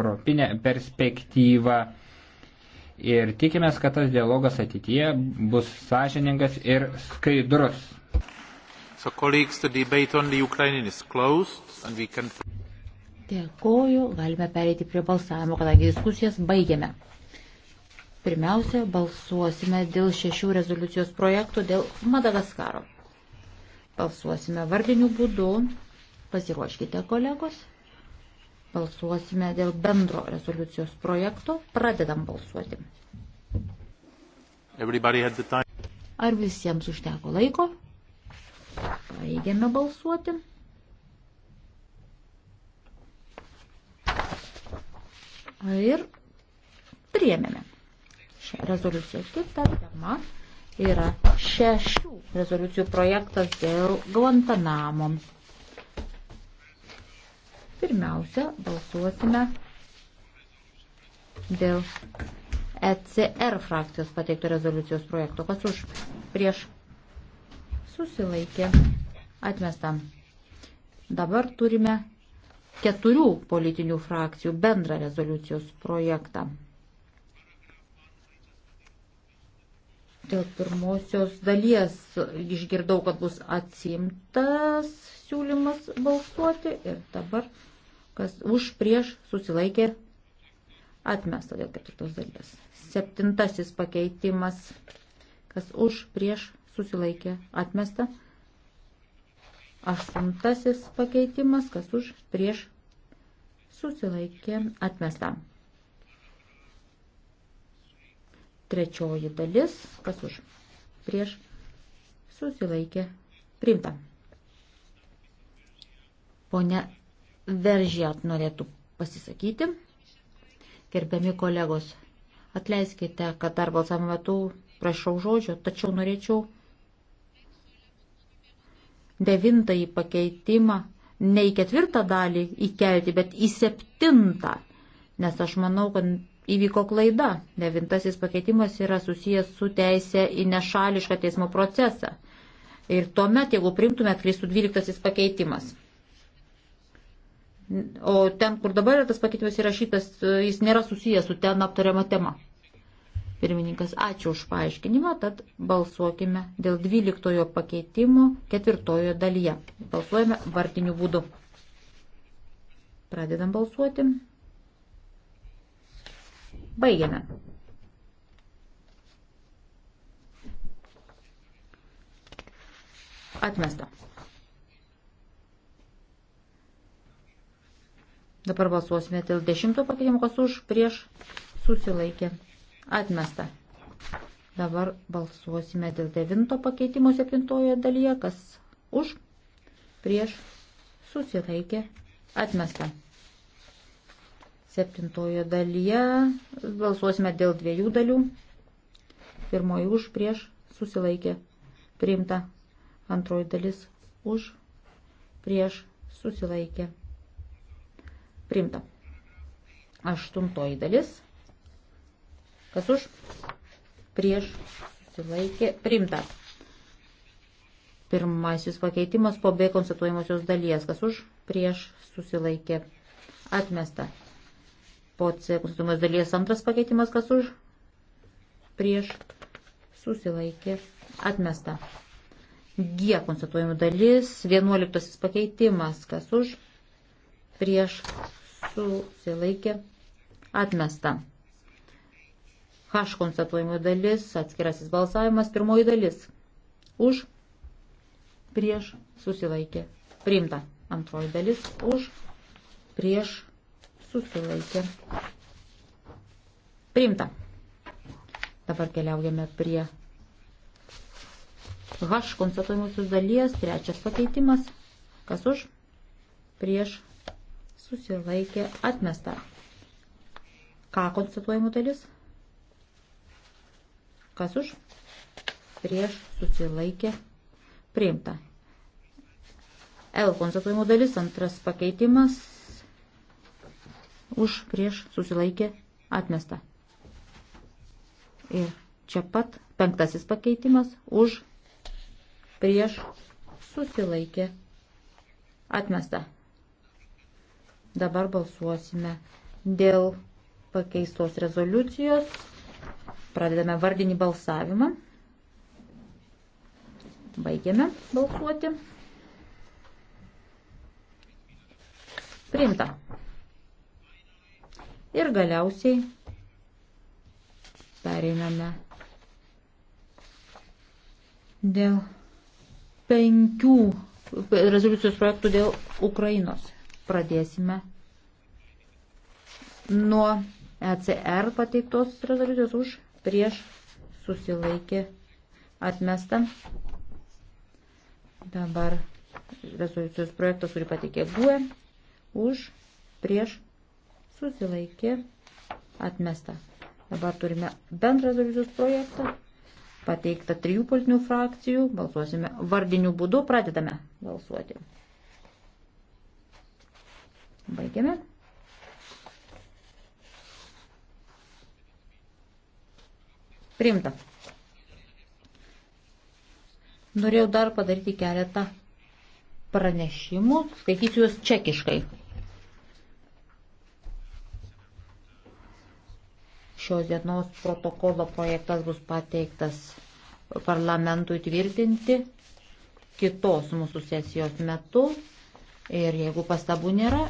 europinę perspektyvą ir tikimės, kad tas dialogas ateityje bus sąžiningas ir skaidrus. So, colleagues, closed, can... Dėkoju, galime pereiti prie balsavimo, kadangi diskusijas baigėme. Pirmiausia, balsuosime dėl šešių rezoliucijos projektų dėl Madagaskaro. Balsuosime vardiniu būdu. Pasiruoškite, kolegos. Balsuosime dėl bendro rezoliucijos projekto. Pradedam balsuoti. Ar visiems užteko laiko? Baigiame balsuoti. Ir priėmėme šią rezoliuciją. Kita tema yra šešių rezoliucijų projektas dėl Guantanamo. Pirmiausia, balsuosime dėl ECR frakcijos pateikto rezoliucijos projekto. Kas už prieš susilaikė atmestam. Dabar turime keturių politinių frakcijų bendrą rezoliucijos projektą. Dėl pirmosios dalies išgirdau, kad bus atsimtas siūlymas balsuoti ir dabar kas už prieš susilaikė atmesta dėl ketvirtos dalies. Septintasis pakeitimas, kas už prieš susilaikė atmesta. Aštuntasis pakeitimas, kas už prieš susilaikė atmesta. Trečioji dalis, kas už prieš susilaikė priimta. Pone Veržėt norėtų pasisakyti. Gerbiami kolegos, atleiskite, kad dar balsavimo metu prašau žodžio, tačiau norėčiau devintąjį pakeitimą ne į ketvirtą dalį įkelti, bet į septintą, nes aš manau, kad įvyko klaida. Devintasis pakeitimas yra susijęs su teisė į nešališką teismo procesą. Ir tuomet, jeigu primtume, kristų dvyliktasis pakeitimas. O ten, kur dabar yra tas pakeitimas įrašytas, jis nėra susijęs su ten aptariama tema. Pirmininkas, ačiū už paaiškinimą, tad balsuokime dėl 12 pakeitimo ketvirtojo dalyje. Balsuojame vartiniu būdu. Pradedam balsuoti. Baigiame. Atmesta. Dabar balsuosime dėl dešimto pakeitimo, kas už, prieš, susilaikė, atmesta. Dabar balsuosime dėl devinto pakeitimo septintoje dalyje, kas už, prieš, susilaikė, atmesta. Septintojo dalyje balsuosime dėl dviejų dalių. Pirmoji už, prieš, susilaikė, priimta. Antroji dalis už, prieš, susilaikė, Primta. Aštuntoji dalis. Kas už? Prieš susilaikė. Primta. Pirmasis pakeitimas po B konstatuojamosios dalies. Kas už? Prieš susilaikė. Atmesta. Po C konstatuojamos dalies antras pakeitimas. Kas už? Prieš susilaikė. Atmesta. G konstatuojamų dalis. Vienuoliktasis pakeitimas. Kas už? Prieš susilaikė atmesta. H konstatuojimo dalis, atskirasis balsavimas, pirmoji dalis. Už, prieš, susilaikė, priimta. Antroji dalis, už, prieš, susilaikė, priimta. Dabar keliaujame prie H konstatuojimusios dalies, trečias pakeitimas. Kas už, prieš, susilaikė atmesta. Ką konstatuojama dalis? Kas už? Prieš susilaikė priimta. L konstatuojimo dalis, antras pakeitimas, už prieš susilaikė atmesta. Ir čia pat penktasis pakeitimas, už prieš susilaikė atmesta. Dabar balsuosime dėl pakeistos rezoliucijos. Pradedame vardinį balsavimą. Baigiame balsuoti. Priimta. Ir galiausiai pereiname dėl penkių rezoliucijos projektų dėl Ukrainos. Pradėsime nuo ECR pateiktos rezoliucijos už prieš susilaikė atmestą. Dabar rezoliucijos projektas, kurį pateikė GUE, už prieš susilaikė atmestą. Dabar turime bendrą rezoliucijos projektą, pateiktą trijų politinių frakcijų, balsuosime vardinių būdų, pradedame balsuoti. Baigiame. Priimta. Norėjau dar padaryti keletą pranešimų, skaitysiu juos čekiškai. Šios dienos protokolo projektas bus pateiktas parlamentui tvirtinti kitos mūsų sesijos metu ir jeigu pastabų nėra,